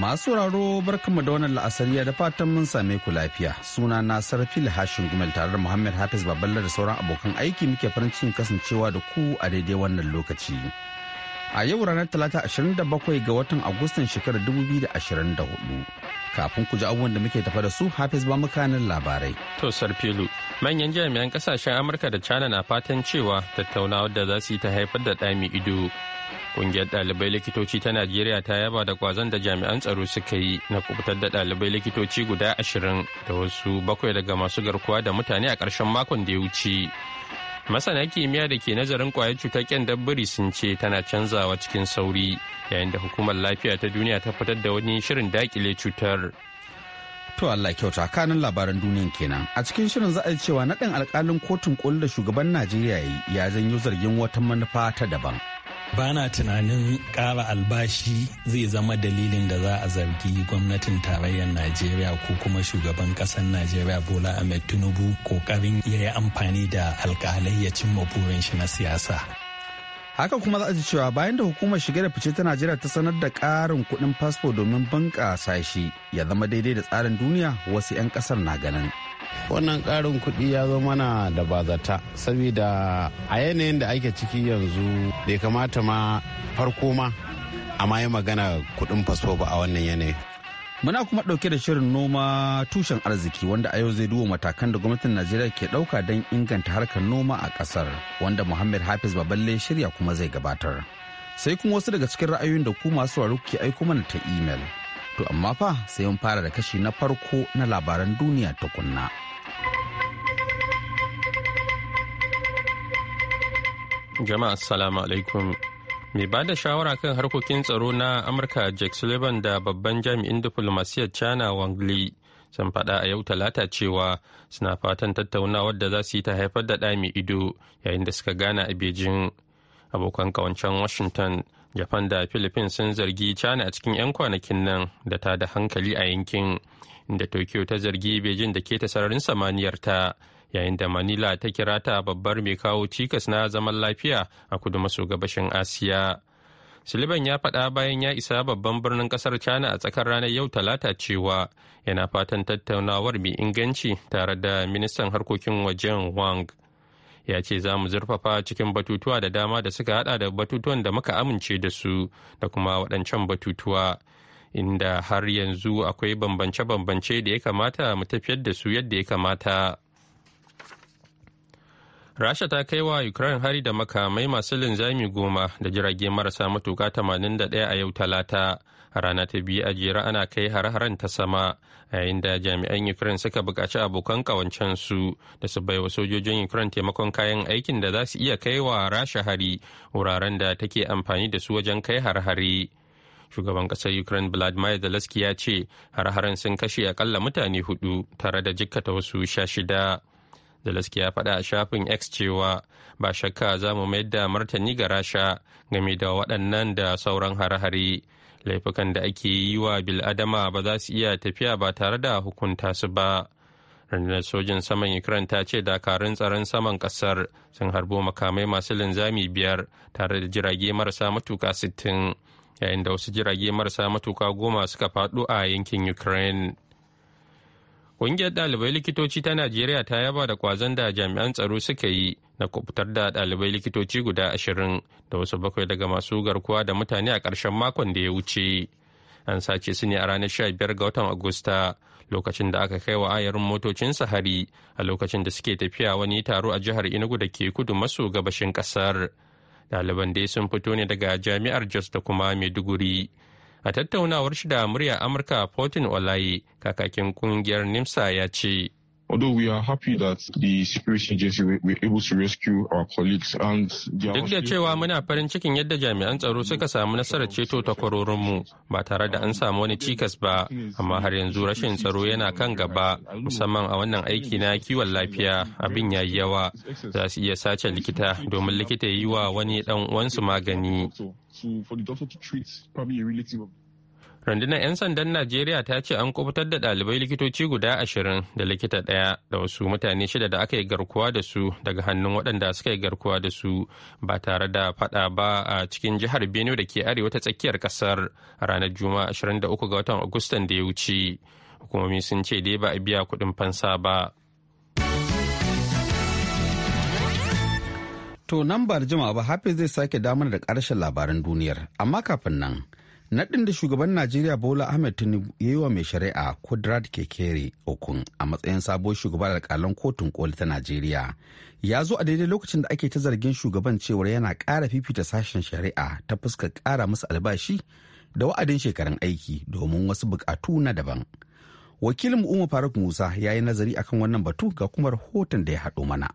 Masu sauraro kama da wannan la'asariya da fatan mun same ku lafiya. Suna na Sarfil Hashin Gumel tare da Muhammad Hafiz Baballa da sauran abokan aiki muke farin cikin kasancewa da ku a daidai wannan lokaci. A yau ranar Talata 27 ga watan Agustan shekarar da hudu Kafin ku ji abubuwan da muke tafa da su Hafiz ba mukanin labarai. To Sarfilu, manyan jami'an kasashen Amurka da China na fatan cewa tattaunawar da za su yi ta haifar da ɗami ido Kungiyar ɗalibai likitoci ta Najeriya ta yaba da kwazon da jami'an tsaro suka yi na kubutar da ɗalibai likitoci guda ashirin da wasu bakwai daga masu garkuwa da mutane a ƙarshen makon da ya wuce. Masana kimiyya da ke nazarin kwayar cutar ƙyan dabbari sun ce tana canzawa cikin sauri yayin da hukumar lafiya ta duniya ta fitar da wani shirin daƙile cutar. To Allah kyauta kanin labaran duniyan kenan. A cikin shirin za a cewa naɗin alƙalin kotun ƙoli da shugaban Najeriya ya janyo zargin wata manufa ta daban. Bana tunanin ƙara albashi zai zama dalilin da za a zargi gwamnatin tarayyar najeriya ko kuma shugaban ƙasar najeriya bola ahmed tinubu ƙoƙarin ya yi amfani da alƙalai ya cimma burin shi na siyasa haka kuma za a ji cewa bayan da hukumar shige da fice ta najeriya ta sanar da ƙarin kuɗin fasfo domin bunƙasa shi ya zama daidai da tsarin duniya wasu 'yan ƙasar na ganin wannan karin kuɗi ya zo mana da bazata saboda a yanayin da ake ciki yanzu bai kamata ma farko ma amma yi magana kuɗin fasfo ba a wannan yanayin Muna kuma ɗauke da shirin noma tushen arziki wanda a yau zai duba matakan da gwamnatin Najeriya ke ɗauka don inganta harkar noma a ƙasar wanda Muhammad Hafiz Baballe shirya kuma zai gabatar. Sai kuma wasu daga cikin ra'ayoyin da ku masu kuke aiko mana ta imel. To amma fa sai mun fara da kashi na farko na labaran duniya ta kunna. Jama'a assalamu alaikum. Mai ba da shawara kan harkokin tsaro na Amurka Jack Sullivan da babban jami'in diflomasiyyar China Wang Li sun faɗa a yau talata cewa suna fatan tattaunawar da za su yi ta haifar da ɗa ido yayin da suka gana a Beijing. Abokan kawancen Washington japan da philippines sun zargi china a cikin 'yan kwanakin nan da ta da hankali a yankin inda tokyo ta zargi beijing da ke ta sararin samaniyar ta yayin da manila ta kira ta babbar mai kawo cikas na zaman lafiya a kudu maso gabashin asiya Sullivan ya faɗa bayan ya isa babban birnin ƙasar China a tsakar ranar yau talata cewa yana fatan tattaunawar mai inganci tare da ministan harkokin wajen Wang ya ce za mu zurfafa cikin batutuwa da dama da suka hada da batutuwan da muka amince da su da kuma waɗancan batutuwa inda har yanzu akwai bambance-bambance da ya kamata mu tafiyar da su yadda ya kamata. rasha ta kai wa ukraine hari da makamai masu linzami goma da jirage marasa matuka 81 a yau talata a rana ta biyu a jera ana kai har-haren ta sama yayin da jami'an ukraine suka bukaci abokan su da su baiwa sojojin ukraine taimakon kayan aikin da za su iya kai wa rasha hari wuraren da take amfani da su wajen kai har-hari shugaban ƙasar ukraine vladimir zelensky ya ce har-haren sun kashe akalla mutane hudu tare da jikkata wasu sha shida Zelensky ya faɗa a shafin X cewa ba shakka za mu mayar da martani ga Rasha game da waɗannan da sauran har hari. laifukan da ake yi wa biladama ba za su iya tafiya ba tare da hukunta su ba rundunar sojin saman ukraine ta ce dakarun tsaron saman kasar sun harbo makamai masu linzami biyar tare da jirage marasa matuka 60 yayin da wasu jirage marasa matuka goma suka faɗo a yankin ukraine ƙungiyar ɗalibai likitoci ta najeriya ta yaba da kwazon da jami'an tsaro suka yi na kubutar da ɗalibai likitoci guda ashirin da wasu bakwai daga masu garkuwa da mutane a ƙarshen makon da ya wuce an sace su ne a ranar sha biyar ga watan agusta lokacin da aka kai wa ayarin motocin sahari a lokacin da suke tafiya wani taro a jihar inugu da ke kudu maso gabashin ƙasar ɗaliban dai sun fito ne daga jami'ar jos da kuma maiduguri a tattaunawar shi da murya amurka fortin olaye kakakin ƙungiyar nimsa ya ce although we are happy that the security agency were able to rescue our colleagues and duk da cewa muna farin cikin yadda jami'an tsaro suka samu nasarar ceto ta kwarorinmu ba tare da an samu wani cikas ba amma har yanzu rashin tsaro yana kan gaba musamman a wannan aiki na kiwon lafiya abin ya yi yawa za su iya sace likita domin likita ya yi wa wani dan uwansu magani Rundunar 'yan sandan Najeriya ta ce an kubutar da ɗalibai likitoci guda ashirin da likita ɗaya da wasu mutane shida da aka yi garkuwa da su daga hannun waɗanda suka yi garkuwa da su ba tare da faɗa ba a cikin jihar Benue da ke arewa ta tsakiyar ƙasar ranar Juma'a 23 ga watan Agustan da ya wuce. Hukumomi sun ce dai ba a biya kuɗin fansa ba. To nan ba da jima ba Hafiz zai sake damar da ƙarshen labaran duniyar, amma kafin nan Naɗin da shugaban Najeriya Bola Ahmed Tinubu ya yi wa mai shari'a Kudrat Kekere Okun a matsayin sabon shugaban alƙalan kotun koli ta Najeriya ya zo a daidai lokacin da ake ta zargin shugaban cewar yana ƙara fifita sashen shari'a ta fuskar ƙara musu albashi da wa'adin shekarun aiki domin wasu buƙatu na daban. Wakilin Umar Faruk Musa ya yi nazari akan wannan batu ga kuma rahoton da ya haɗo mana.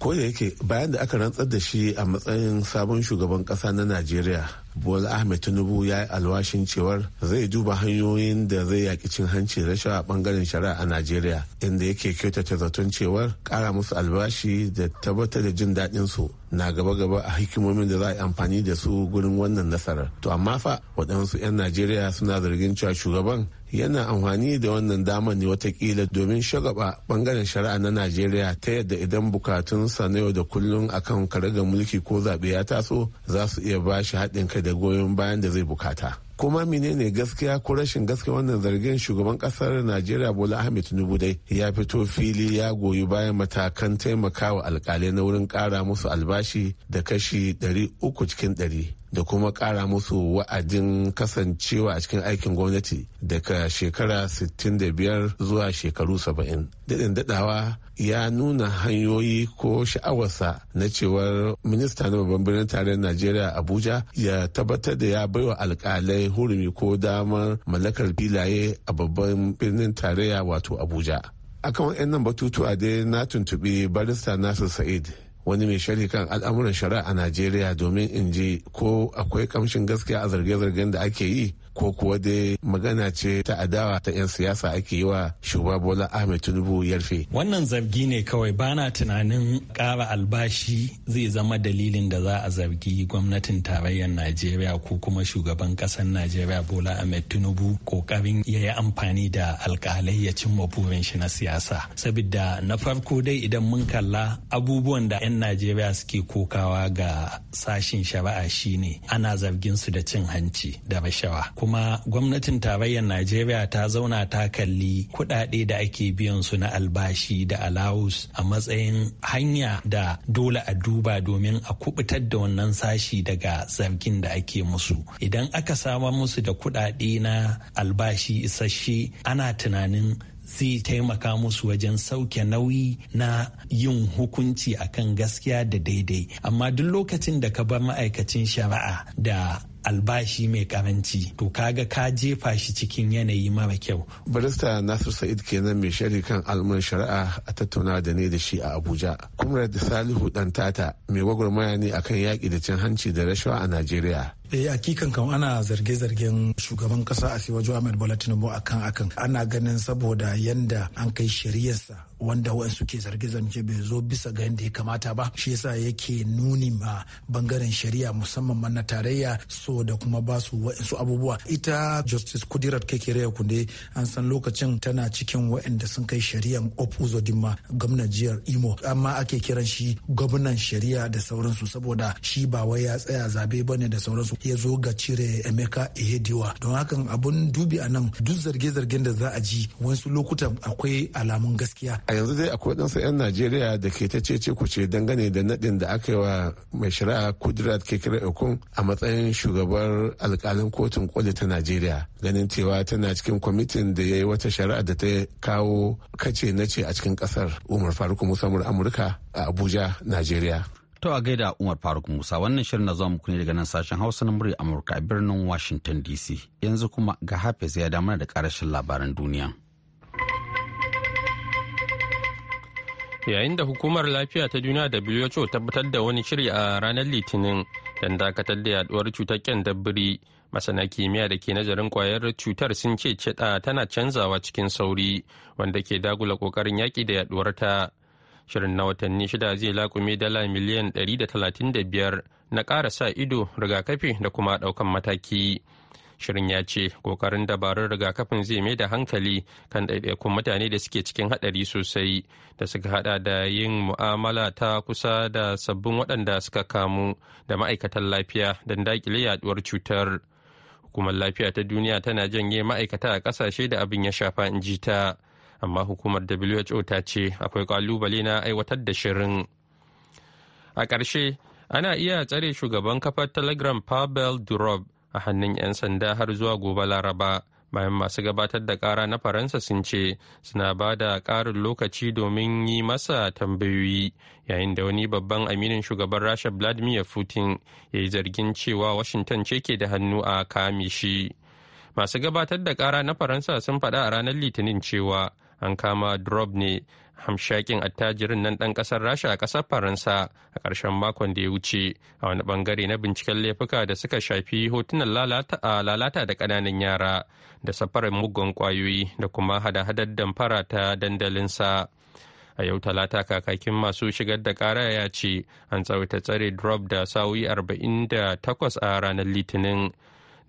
ko da yake bayan da aka rantsar da shi a matsayin sabon shugaban kasa na najeriya bola ahmed tinubu ya yi alwashin cewar zai duba hanyoyin da zai yaki cin hanci rashawa a bangaren shari'a a najeriya inda yake kyautata zaton cewar kara musu albashi da tabbatar da jin daɗin su na gaba-gaba a hikimomin da za a yi amfani da su gurin wannan nasarar to amma fa waɗansu 'yan najeriya suna zargin cewa shugaban yana amfani da wannan damar ne watakila domin shagaba bangaren shari'a na najeriya ta yadda idan bukatunsa na yau da kullum akan karagar mulki ko zaɓe ya taso za su iya ba shi haɗin kai da goyon bayan da zai bukata kuma menene gaskiya ko rashin gaskiya wannan zargin shugaban kasar najeriya bola ahmed tinubu dai ya fito fili ya goyi bayan matakan taimakawa alkalai na wurin kara musu albashi da kashi uku cikin ɗari. da kuma kara musu wa'adin kasancewa a cikin aikin gwamnati daga shekara 65 zuwa shekaru 70. Daɗin daɗawa ya nuna hanyoyi ko sha'awarsa na cewar minista na babban birnin tarayyar Najeriya Abuja ya tabbatar da ya baiwa alƙalai hurumi ko damar mallakar filaye a babban birnin tarayya wato Abuja. Akan 'yan batutuwa dai na tuntuɓi barista Nasir Sa'id wani mai shari kan al'amuran shari'a a najeriya domin in ji ko akwai kamshin gaskiya a zarge-zargen da ake yi ko kuwa dai magana ce ta adawa ta 'yan siyasa ake yi wa shugaba bola ahmed tinubu ya rufe. wannan zargi ne kawai bana tunanin ƙara albashi zai zama dalilin da za a zargi gwamnatin tarayyar najeriya ko kuma shugaban ƙasar najeriya bola ahmed tinubu ƙoƙarin ya yi amfani da alƙalai ya cimma burin shi na siyasa saboda na farko dai idan mun kalla abubuwan da 'yan najeriya suke kokawa ga sashin shari'a shine ana zargin su da cin hanci da rashawa kuma gwamnatin tarayyar najeriya ta zauna ta kalli kuɗaɗe da ake biyan su na albashi da alawus a matsayin hanya da dole a duba domin a kubutar da wannan sashi daga zargin da ake musu idan aka samar musu da kuɗaɗe na albashi isasshe ana tunanin zai taimaka musu wajen sauke nauyi na yin hukunci akan gaskiya da daidai amma duk lokacin da ka bar ma'aikacin shari'a da albashi mai karanci to kaga ka jefa shi cikin yanayi mara kyau. barista nasir sa'id kenan mai shari kan alman shari'a a tattauna da ne da shi a abuja kumrad salihu tata mai gwagwarmaya ne akan yaƙi da cin hanci da rashawa a najeriya eh hakikan kan ana zarge-zargen shugaban kasa a siwa ahmed bola tinubu akan akan ana ganin saboda yanda an kai shari'arsa wanda waɗansu ke zarge-zarge bai zo bisa ga yadda ya kamata ba shi yasa yake nuni ma bangaren shari'a musamman ma na tarayya so da kuma ba su waɗansu abubuwa ita justice kudirat raya kunde an san lokacin tana cikin waɗanda sun kai shari'an opuzo dimma gwamnan jihar imo amma ake kiran shi gwamnan shari'a da sauransu saboda shi ba wai ya tsaya zabe bane da sauransu ya zo ga cire emeka ehediwa don hakan abun dubi a nan duk zarge-zargen da za a ji wasu lokutan akwai alamun gaskiya a yanzu dai akwai ɗansa 'yan najeriya da ke ta cece kuce dangane da naɗin da aka yi wa mai shari'a kudrat kekere okun a matsayin shugabar alkalin kotun koli ta najeriya ganin cewa tana cikin kwamitin da ya yi wata shari'a da ta kawo kace na ce a cikin ƙasar umar faruk musa amurka a abuja najeriya To a gaida Umar Faruk Musa wannan shirin na zuwa muku daga nan sashen Hausa na murya Amurka a birnin Washington DC. Yanzu kuma ga Hafiz ya damar da karashin labaran duniya. yayin da hukumar lafiya ta duniya da WHO tabbatar da wani shiri a ranar litinin don dakatar da yaduwar cutar kyandabiri masana kimiyya da ke nazarin kwayar cutar sun ce ceda tana canzawa cikin sauri wanda ke dagula kokarin yaki da yaduwar ta shirin na watanni shida zai lakume dala miliyan 135 na ƙara sa ido rigakafi da kuma ɗaukan mataki. shirin ya ce kokarin dabarun rigakafin zai mai da hankali kan ɗaiɗaikun mutane da suke cikin haɗari sosai da suka hada da yin mu'amala ta kusa da sabbin waɗanda suka kamu da ma'aikatan lafiya don daƙile yaduwar cutar hukumar lafiya ta duniya tana janye ma'aikata a ƙasashe da abin ya shafa in ji ta amma hukumar who ta ce akwai ƙalubale na aiwatar da shirin a ƙarshe ana iya tsare shugaban kafar telegram pavel durov a hannun 'yan sanda har zuwa gobe laraba bayan masu gabatar da kara na faransa sun ce suna ba da karin lokaci domin yi masa tambayoyi yayin da wani babban aminin shugaban rasha vladimir putin ya yi zargin cewa washington ce ke da hannu a kame shi masu gabatar da kara na faransa sun faɗa a ranar litinin cewa an kama drop ne hamshakin attajirin nan ɗan ƙasar rasha a ƙasar faransa a ƙarshen makon da ya wuce a wani ɓangare na binciken laifuka da suka shafi hotunan lalata da ƙananan yara da safarar mugun ƙwayoyi da kuma hada-hadar damfara ta dandalinsa a yau talata kakakin masu shigar da ƙara ya ce an tsawaita tsare drop da sa'o'i 48 a ranar litinin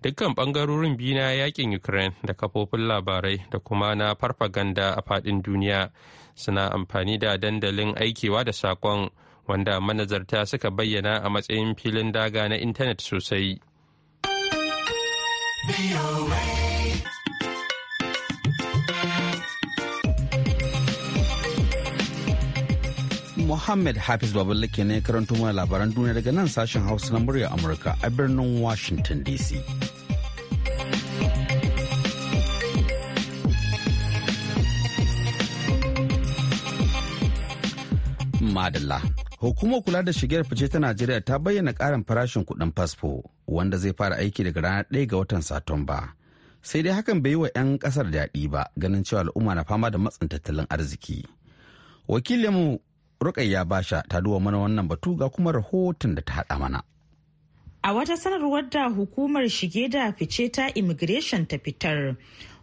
dukkan bangarorin biyu na yakin ukraine da kafofin labarai da kuma na farfaganda a fadin duniya suna amfani da dandalin aikewa da sakon wanda manazarta suka bayyana a matsayin filin daga na intanet sosai. Muhammad Hafiz Baballe ke ne karanto mana labaran duniya daga nan sashen Hausa na murya Amurka a birnin Washington DC. Madalla. Hukumar kula da shigar fice ta Najeriya ta bayyana ƙarin farashin kuɗin fasfo wanda zai fara aiki daga ranar ɗaya ga watan Satumba. Sai dai hakan bai yi wa 'yan ƙasar daɗi ba ganin cewa al'umma na fama da matsin tattalin arziki. Wakilinmu Rukayya Basha ta duba mana wannan batu ga kuma rahoton da ta haɗa mana. A wata sanarwar da hukumar shige da fice ta immigration ta fitar,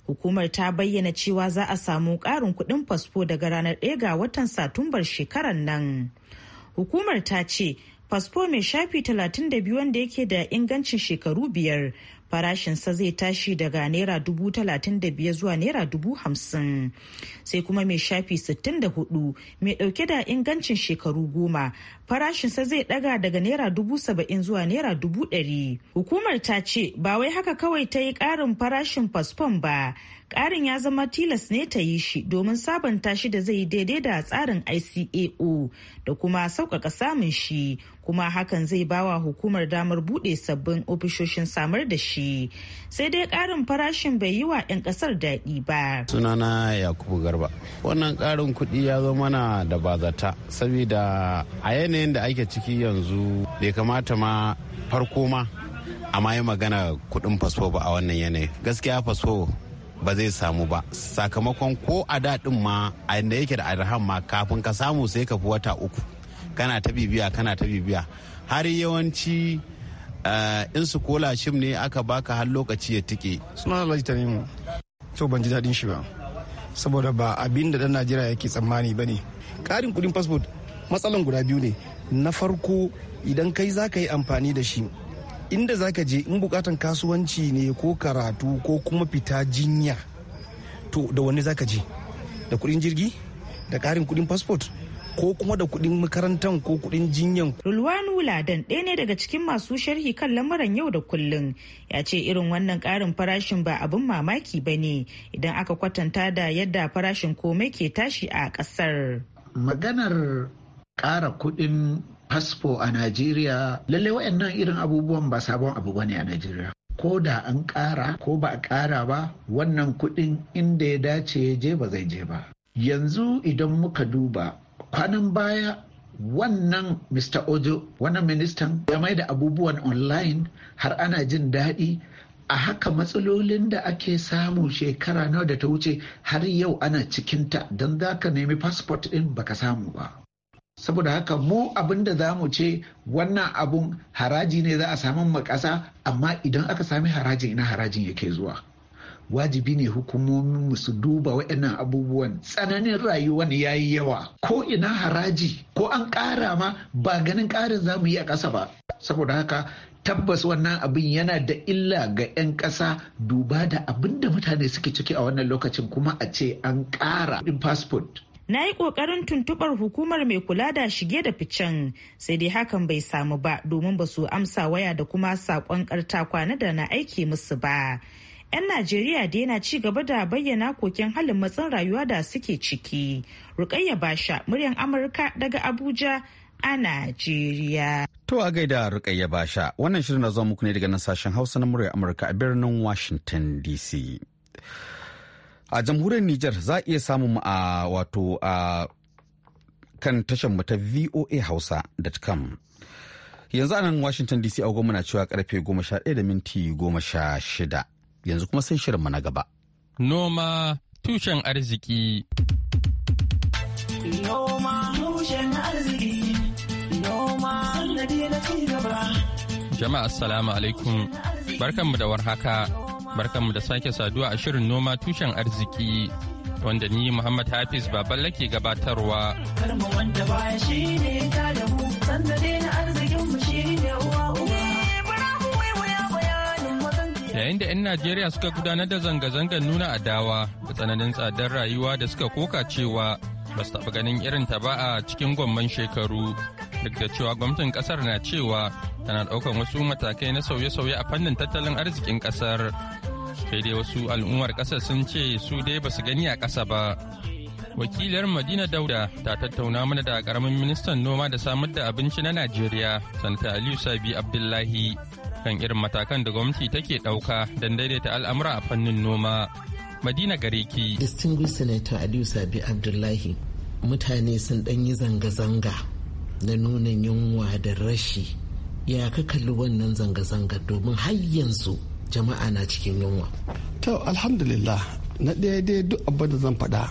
hukumar ta bayyana cewa za a samu ƙarin kuɗin fasfo daga ranar 1 ga watan Satumbar shekarar nan. Hukumar ta ce, fasfo mai shafi 32 wanda yake da ingancin shekaru biyar farashinsa zai tashi daga naira dubu talatin da biyar zuwa naira dubu hamsin sai kuma mai shafi sittin da hudu mai dauke da ingancin shekaru goma farashinsa zai daga daga naira dubu saba'in zuwa naira dubu ɗari hukumar ta ce ba wai haka kawai ta yi ƙarin farashin fasfon ba ƙarin ya zama tilas ne ta yi shi domin sabanta shi da zai daidai da tsarin icao da kuma sauƙaƙa samun shi kuma hakan zai bawa hukumar damar buɗe sabbin ofishoshin samar da shi sai dai ƙarin farashin bai yi wa 'yan ƙasar daɗi ba sunana yakubu garba wannan karin kuɗi ya zo mana da bazata saboda a yanayin yanayin da ake ciki yanzu bai kamata ma farko ma amma yi magana kudin fasfo ba a wannan yanayi gaskiya fasfo ba zai samu ba sakamakon ko a daɗin ma a inda yake da arham ma kafin ka samu sai ka fi wata uku kana ta bibiya kana ta bibiya har yawanci eh, in su kola shim ne aka baka har lokaci ya tike suna ne mu. to ban ji daɗin shi ba saboda ba abin da dan najeriya yake tsammani ba ne ƙarin kuɗin fasfo matsalan guda biyu ne na farko idan kai za ka yi amfani da shi inda za ka je in bukatan kasuwanci ne ko karatu ko kuma fita jinya to da wani za ka je da kudin jirgi da karin kudin fasfot ko kuma da kudin makarantar ko kudin jinyan. Rulwanu Ladan ɗaya ne daga cikin masu sharhi kan lamuran yau da kullun ya ce irin wannan ƙarin farashin ba abin mamaki ba ne idan aka kwatanta da yadda farashin komai ke tashi a ƙasar. Maganar ƙara kuɗin fasfo a najeriya Lalle wayannan irin abubuwan ba sabon abu bane a najeriya ko da an ƙara ko ba a ƙara ba wannan kuɗin inda ya dace ya je ba zai je ba yanzu idan muka duba kwanan baya wannan mr ojo wannan ministan ya mai da abubuwan online har ana jin daɗi a haka matsalolin da ake samu shekara nawa da ta wuce har yau ana cikinta don za ka nemi fasfo ɗin baka samu ba saboda haka mu abin da za mu ce wannan abun haraji ne za a samu ma ƙasa amma idan aka sami harajin ina harajin yake zuwa wajibi ne hukumomin su duba waɗannan abubuwan tsananin rayuwan ya yi yawa ko ina haraji ko an ƙara ma ba ganin ƙarin za mu yi a ƙasa ba saboda haka tabbas wannan abin yana da illa ga 'yan ƙasa duba da abin da mutane suke ciki a wannan lokacin kuma a ce an ƙara in fasfot na yi kokarin tuntuɓar hukumar mai kula da shige da ficen sai dai hakan bai samu ba domin ba su amsa waya da kuma sakon karta kwana da na aiki musu ba yan najeriya da yana ci gaba da bayyana koken halin matsin rayuwa da suke ciki rukayya basha muryan amurka daga abuja a najeriya to a gaida rukayya basha wannan shirin na zuwa muku ne daga nan sashen hausa na muryar amurka a birnin washington dc a jamhuriyar Nijar za a iya samun mu a wato a kan tashar mu ta VOA Hausa com. Yanzu anan nan Washington DC a muna cewa karfe 11 da minti 16. Yanzu kuma sai shirin na gaba. Noma tushen arziki. Noma tushen arziki. Noma sannadi na ci gaba. Jama'a assalamu alaikum. Barkanmu da warhaka. barkanmu da sake saduwa a shirin noma tushen arziki wanda ni Muhammad Hafiz baban lake gabatarwa. da Yayin da 'yan Najeriya suka gudanar da zanga-zangar nuna adawa da tsananin tsadar rayuwa da suka koka cewa ba su taɓa ganin irin ta ba a cikin gwamman shekaru duk da cewa gwamnatin kasar na cewa tana ɗaukan wasu matakai na sauye-sauye a fannin tattalin arzikin kasar sai dai wasu al'ummar kasar sun ce su dai ba su gani a ƙasa ba wakiliyar madina dauda ta tattauna mana da karamin ministan noma da samar da abinci na najeriya sanata aliyu sabi abdullahi kan irin matakan da gwamnati take ɗauka don daidaita al'amura a fannin noma madina gareki. distinguished senator aliyu sabi abdullahi mutane sun ɗan yi zanga-zanga na nuna yunwa da rashi ya ka kalli wannan zanga zanga domin har yanzu jama'a na cikin yunwa to alhamdulillah na ɗaya dai duk abin da zan faɗa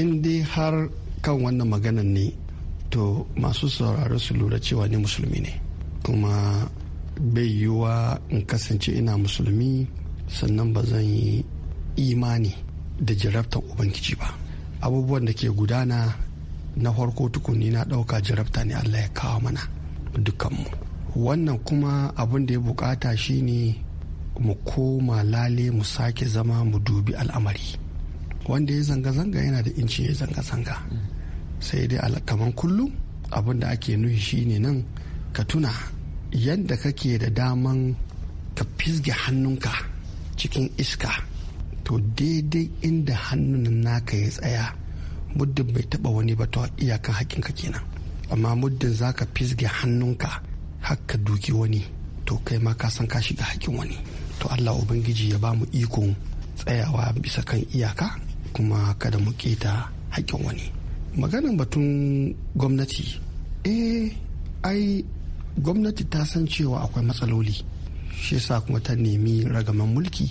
in dai har kan wannan maganan ne to masu sauraro su lura cewa ni musulmi ne kuma bai yiwuwa in kasance ina musulmi sannan ba zan yi imani da jarabtar ubangiji ba abubuwan da ke gudana na farko tukuni na ɗauka jarabta ne allah ya kawo mana dukanmu wannan kuma abin da ya bukata shine mu koma lale mu sake zama mu dubi al'amari wanda ya zanga-zanga yana da inci ya zanga-zanga sai dai kamar kullum abin da ake nuhi shine nan ka tuna yadda kake da daman ka fisge hannunka cikin iska to daidai inda hannun naka ya tsaya muddin bai taba wani ba to iyakan ka kenan amma muddin zaka fisge hannunka ka duki wani to kai ma ka san ka shiga hakin wani to Allah ubangiji ya ba mu ikon tsayawa bisa kan iyaka kuma kada mu keta hakin wani maganan batun gwamnati eh ai gwamnati ta san cewa akwai matsaloli shi yasa kuma ta nemi ragaman mulki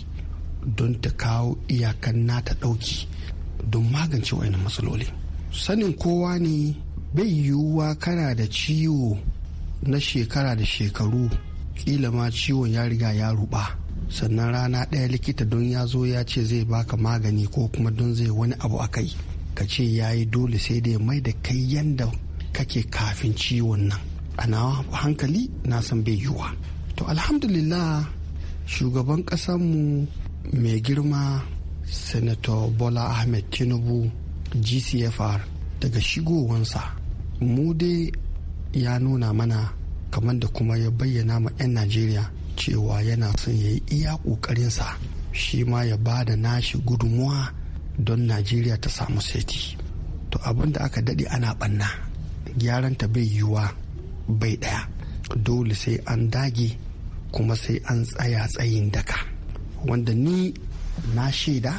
don ta kawo iyakan nata ɗauki don magance wayannan matsaloli sanin kowa ne bai yiwuwa kana da ciwo na shekara da shekaru kila ma ciwon ya riga ya ruba sannan rana ɗaya likita don ya zo ya ce zai baka magani ko kuma don zai wani abu a kai ka ce ya yi dole sai dai mai da kai yanda kake kafin ciwon nan a hankali na san bai yiwuwa to alhamdulillah shugaban ƙasanmu mai girma senator bola ahmed tinubu gcfr daga shigowansa mu dai ya nuna mana kamar da kuma ya bayyana ma 'yan najeriya cewa yana son ya yi iya ƙoƙarinsa shi ma ya ba da nashi gudunmuwa don najeriya ta samu seti to abin da aka daɗe ana ɓanna gyaranta bai yiwuwa bai ɗaya dole sai an dage kuma sai an tsaya tsayin daka wanda ni na shaida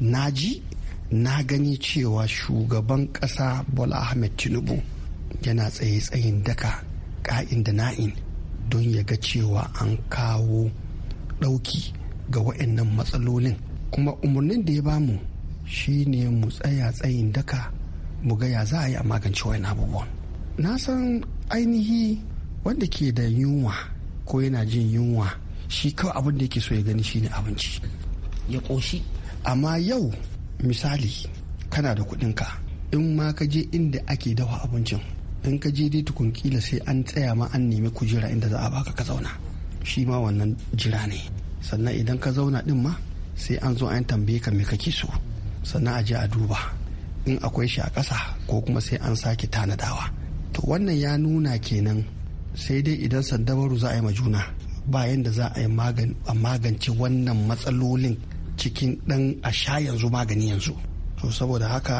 na ji na gani cewa shugaban ƙasa bola ahmed tinubu yana tsaye tsayin daka ka'in da na'in don ya ga cewa an kawo ɗauki ga wa'annan matsalolin kuma umarnin da ya bamu shine mu tsaya tsayin daka mu gaya ya za a yi a magance wa'in abubuwan na san ainihi wanda ke da yunwa ko yana jin yunwa shi kawai abin da yake so ya gani shine abinci ya ƙoshi amma yau misali kana da kuɗinka in ma ka je inda ake dafa abincin in ka je dai tukun kila sai an tsaya ma an nemi kujera inda za a baka ka zauna shi ma wannan jira ne sannan idan ka zauna din ma sai an zo an tambaye ka me kake so sannan a je a duba in akwai shi a ƙasa ko kuma sai an sake tanadawa to wannan ya nuna kenan sai dai idan sandabaru za a yi ma juna ba yadda za a yi magance wannan matsalolin cikin ɗan a sha yanzu magani yanzu to saboda haka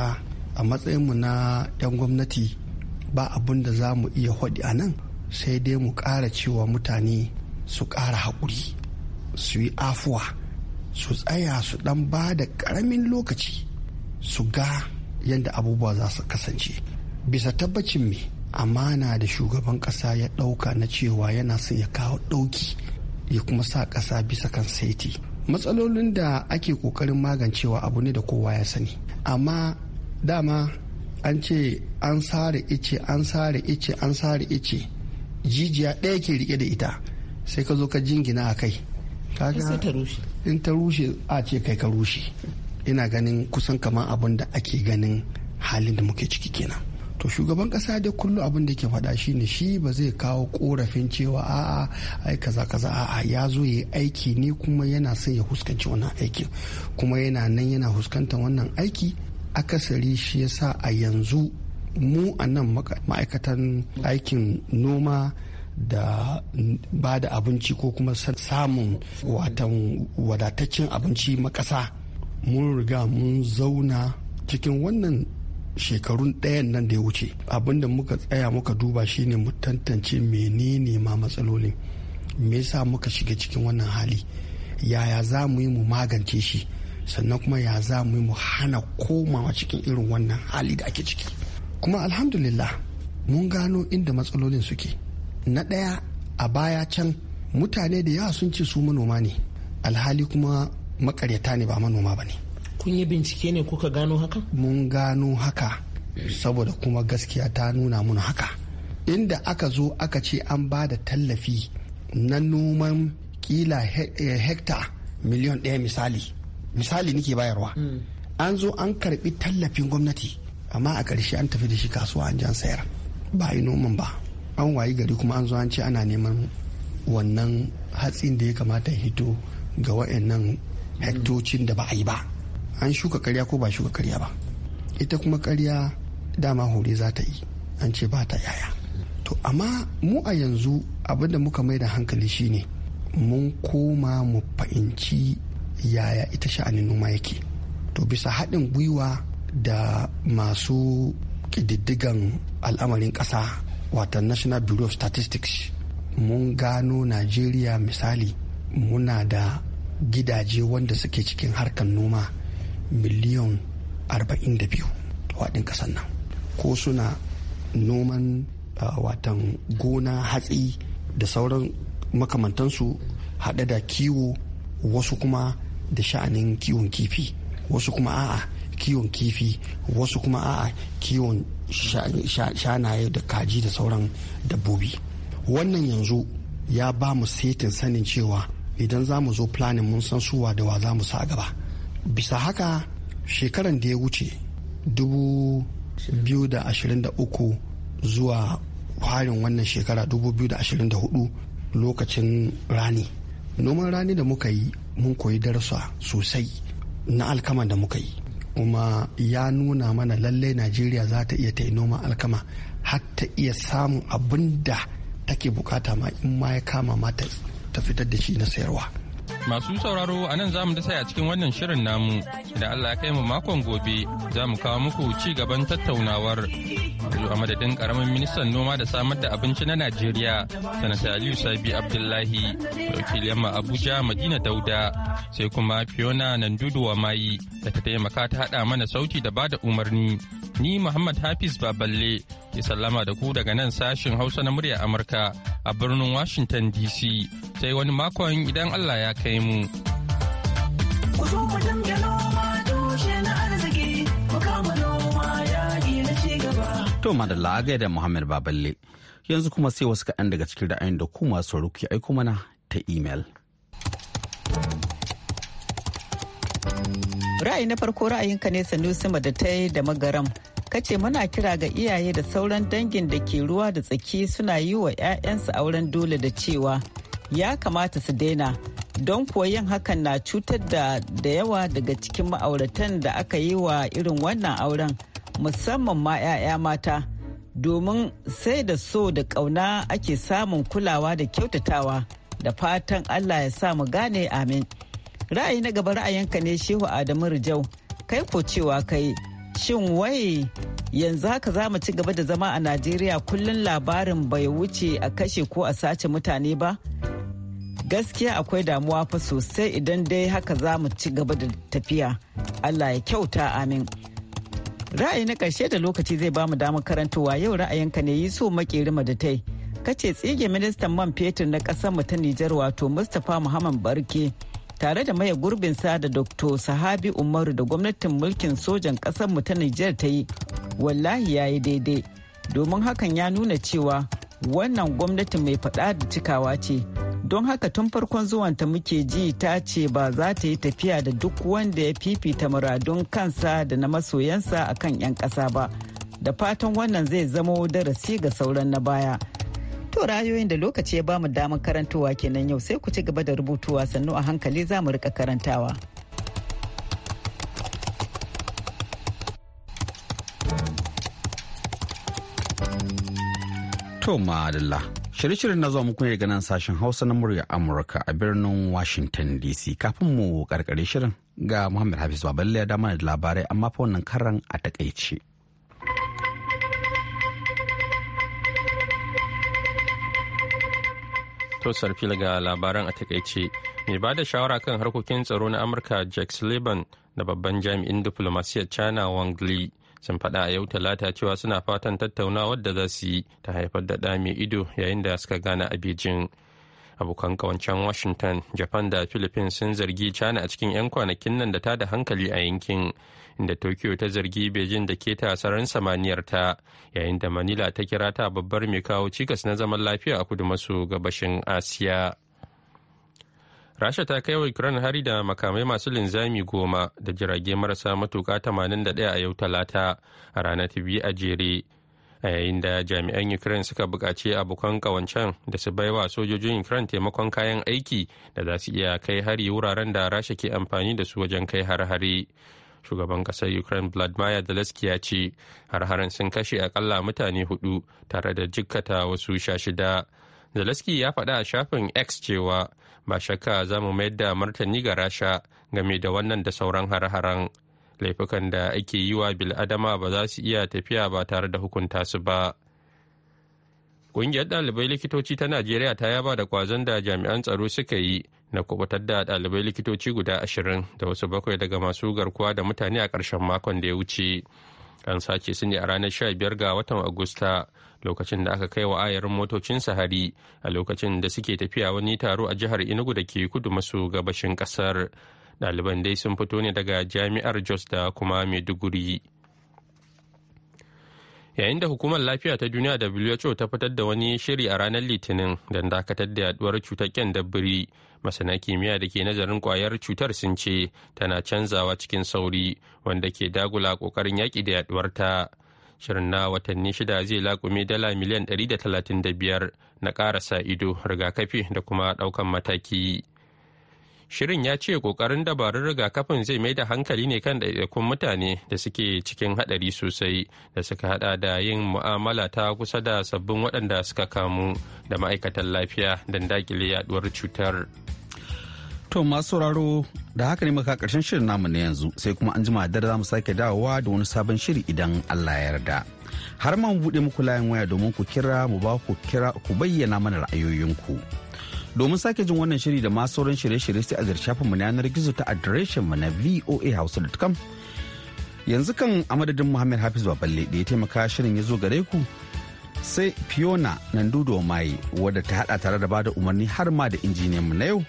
a matsayinmu na 'yan gwamnati ba abun da za mu iya haɗi a nan sai dai mu ƙara cewa mutane su ƙara haƙuri su yi afuwa su tsaya su ɗan ba da ƙaramin lokaci su ga yadda abubuwa za su kasance bisa tabbacin me amana da shugaban ƙasa ya ɗauka na cewa yana son ya kawo ɗauki ya kuma sa ƙasa bisa kan saiti matsalolin da ake kokarin magancewa abu ne da kowa ya sani amma dama an ce an sare ice an sare ice an sare ice jijiya ɗaya ke rike da ita sai ka zo ka jingina a kai in ta rushe a ce kai ka rushe ina ganin kusan kamar abin da ake ganin halin da muke ciki kenan to shugaban kasa da kullu abin da ke faɗa shi ne shi ba zai kawo korafin cewa a'a ai kaza kaza a'a ya zo ya aiki ne kuma yana son ya huskanci wannan aikin kuma yana nan yana huskantar wannan aiki akasari shi yasa a yanzu mu a nan ma'aikatan aikin noma da ba da abinci ko kuma samun watan wadataccen abinci makasa mun riga mun zauna cikin wannan shekarun ɗayan nan da ya wuce abinda muka tsaya muka duba shine mu tantance menene ma matsalolin me yasa muka shiga cikin wannan hali yaya za mu yi mu magance shi sannan kuma ya za mu yi mu hana komawa cikin irin wannan hali da ake ciki kuma alhamdulillah mun gano inda matsalolin suke na ɗaya a baya can mutane da yawa sun ce su manoma ne alhali kuma makaryata ne ba manoma ba ne kun yi bincike ne kuka gano haka mun gano haka saboda kuma gaskiya ta nuna mun haka inda aka zo aka ce an ba da tallafi na noman kila eh, hekta miliyon ɗaya misali misali nike bayarwa hmm. an zo an karɓi tallafin gwamnati amma a ƙarshe an tafi da shi kasuwa an jan sayar ba yi noman ba an wayi gari kuma an zo an ce ana neman wannan hatsin da ya kamata hito ga wa'annan hmm. hektocin da ba a yi ba an shuka karya ko ba shuka karya ba ita kuma karya dama hore za ta yi an ce ba ta yaya to amma mu a yanzu abinda muka mai da hankali shine mun koma mu fahimci yaya ita sha'anin noma yake to bisa haɗin gwiwa da masu ƙididdigan al'amarin ƙasa wata national bureau of statistics mun gano najeriya misali muna da gidaje wanda suke cikin harkar noma miliyan 42 waɗin ƙasar nan ko suna noman watan gona hatsi da sauran makamantansu haɗe da kiwo wasu kuma da sha'anin kiwon kifi wasu kuma a'a kiwon kifi wasu kuma a'a kiwon shanaye da kaji da sauran dabbobi wannan yanzu ya ba mu setin sanin cewa idan za mu zo planin mun san suwa da wa za mu sa gaba bisa haka shekaran da ya wuce 2023 zuwa kwarin wannan shekara 2024 lokacin rani noman rani da muka yi mun koyi darasa sosai na alkama da muka yi kuma ya nuna mana lallai najeriya za ta iya ta yi noman alkama har ta iya samun abinda da take bukata ma in ma ya kama mata ta fitar da shi na sayarwa Masu sauraro a nan za mu dasa a cikin wannan shirin namu, da Allah ya kai mu makon gobe za mu kawo muku ci gaban tattaunawar. Yanzu a madadin karamin ministan noma da samar da abinci na Najeriya, Sanata Aliyu Sabi Abdullahi, wakiliyar yamma Abuja Madina Dauda, sai kuma Fiona Nandudu wa Mayi da ta taimaka ta haɗa mana sauti da bada umarni. Ni Muhammad Hafiz Baballe, ya sallama da ku daga nan sashin Hausa na murya Amurka a birnin Washington DC. sai wani makon idan Allah ya kai mu. Ku To madalla a da Muhammad Baballe. Yanzu kuma sai wasu kaɗan daga cikin ra'ayin da ku masu ruki aiko mana ta imel. Ra'ayi na farko ra'ayinka ne Sanusi Madatai da Magaram. kace muna kira ga iyaye da sauran dangin da ke ruwa da tsaki suna yi wa 'ya'yansu auren dole da cewa ya kamata su daina don kuwa yin hakan na cutar da da yawa daga cikin ma'auratan da aka yi wa irin wannan auren musamman ma 'ya'ya mata domin sai da so da ƙauna ake samun kulawa da kyautatawa da fatan allah ya sa mu gane amin ra'ayi na gaba ra'ayinka ne shehu adamu rijau kai ko cewa kai shin wai yanzu haka za mu ci gaba da zama a najeriya kullum labarin bai wuce a kashe ko a sace mutane ba gaskiya akwai damuwa fa sosai idan dai haka za mu ci gaba da tafiya allah ya kyauta amin ra'ayi na karshe da lokaci zai bamu mu damar karantowa yau ra'ayinka ne yi so da tai kace tsige ministan man fetur na kasar mu ta nijar wato mustapha muhammad barke tare da maye sa da dr sahabi umaru da gwamnatin mulkin sojan ƙasar mu ta nijar ta yi wallahi ya yi daidai domin hakan ya nuna cewa wannan gwamnati mai faɗa da cikawa ce don haka tun farkon zuwanta muke ji ta ce ba za ta yi tafiya da duk wanda ya fifita muradun kansa da na masoyansa a kan 'yan ƙasa ba da fatan wannan zai zama darasi ga sauran na baya to rayoyin da lokaci ya bamu damar karantowa kenan yau sai ku ci gaba da rubutuwa sannu a hankali za mu rika karantawa To madalla. Shirye-shiryen na zuwa muku ne daga nan sashen Hausa na murya Amurka a birnin Washington DC. Kafin mu karkare shirin ga Muhammad Hafiz Baballe ya dama da labarai amma fa wannan karan a takaice. To sarfi ga labaran a takaice. Mai ba da shawara kan harkokin tsaro na Amurka Jack Sullivan da babban jami'in diplomasiyyar China Wang Li sun faɗa a yau talata cewa suna fatan tattaunawar da za su yi ta haifar da ɗa ido yayin da suka gana a beijing abokan kawancen washington japan da philippines sun zargi china a cikin 'yan kwanakin nan da ta da hankali a yankin inda tokyo ta zargi beijing da ke sararin samaniyar ta yayin da manila ta kira ta babbar mai kawo cikas na zaman lafiya a kudu maso gabashin asiya rasha ta kai wa ukraine hari da makamai masu linzami goma da jirage marasa matuka 81 a yau talata a ranar ta biyu a jere a yayin da jami'an ukraine suka buƙaci abokan ƙawancen da su baiwa sojojin ukraine taimakon kayan aiki da za su iya kai hari wuraren da rasha ke amfani da su wajen kai har hari shugaban ƙasar ukraine vladimir zelensky ya ce har-haren sun kashe akalla mutane hudu tare da jikkata wasu sha shida zelensky ya faɗa a shafin x cewa ba shakka za mu mayar da martani ga rasha game da wannan da sauran har-haren laifukan da ake yi wa bil'adama ba za su iya tafiya ba tare da hukunta su ba ƙungiyar ɗalibai likitoci ta najeriya ta yaba da kwazon da jami'an tsaro suka yi na kubutar da ɗalibai likitoci guda ashirin da wasu bakwai daga masu garkuwa da mutane a ƙarshen makon da ya wuce an sace su ne a ranar 15 ga watan agusta lokacin da aka kai wa ayarin motocinsa hari a lokacin da suke tafiya wani taro a jihar enugu da ke kudu maso gabashin kasar ɗaliban dai sun fito ne daga jami'ar jos da kuma maiduguri yayin da hukumar lafiya ta duniya da who ta fitar da wani shiri a ranar litinin don dakatar da yaduwar cutar dabbiri masana kimiyya da ke nazarin kwayar cutar sun ce tana canzawa cikin sauri wanda ke dagula kokarin yaƙi da ta shirin na watanni shida zai laƙume dala miliyan 135 na ƙarasa ido rigakafi da kuma ɗaukan mataki Shirin ya ce kokarin dabarun rigakafin zai mai da hankali ne kan ɗaiɗaikun mutane da suke cikin haɗari sosai da suka haɗa da yin mu'amala ta kusa da sabbin waɗanda suka kamu da ma'aikatan lafiya don dakile yaɗuwar cutar. To masu sauraro da haka ne muka karshen shirin namu na yanzu sai kuma an jima da za mu sake dawowa da wani sabon shiri idan Allah ya yarda. Har ma mu buɗe muku layin waya domin ku kira mu ba ku kira ku bayyana mana ra'ayoyinku. Domin sake jin wannan shiri da ma sauran shirye-shirye sai a shafin mu na yanar gizo ta adireshin mu na voahouse.com Yanzu kan a madadin Muhammad Hafiz Baballe da ya taimaka shirin ya zo gare ku sai Fiona Nandudo Mai wadda ta haɗa tare da bada umarni har ma da injiniyan mu na yau.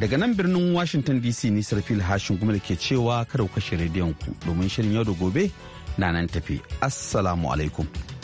Daga nan birnin Washington DC ni Sarfil Hashin kuma da ke cewa kada ku kashe rediyon ku domin shirin yau da gobe na nan tafi. Assalamu alaikum.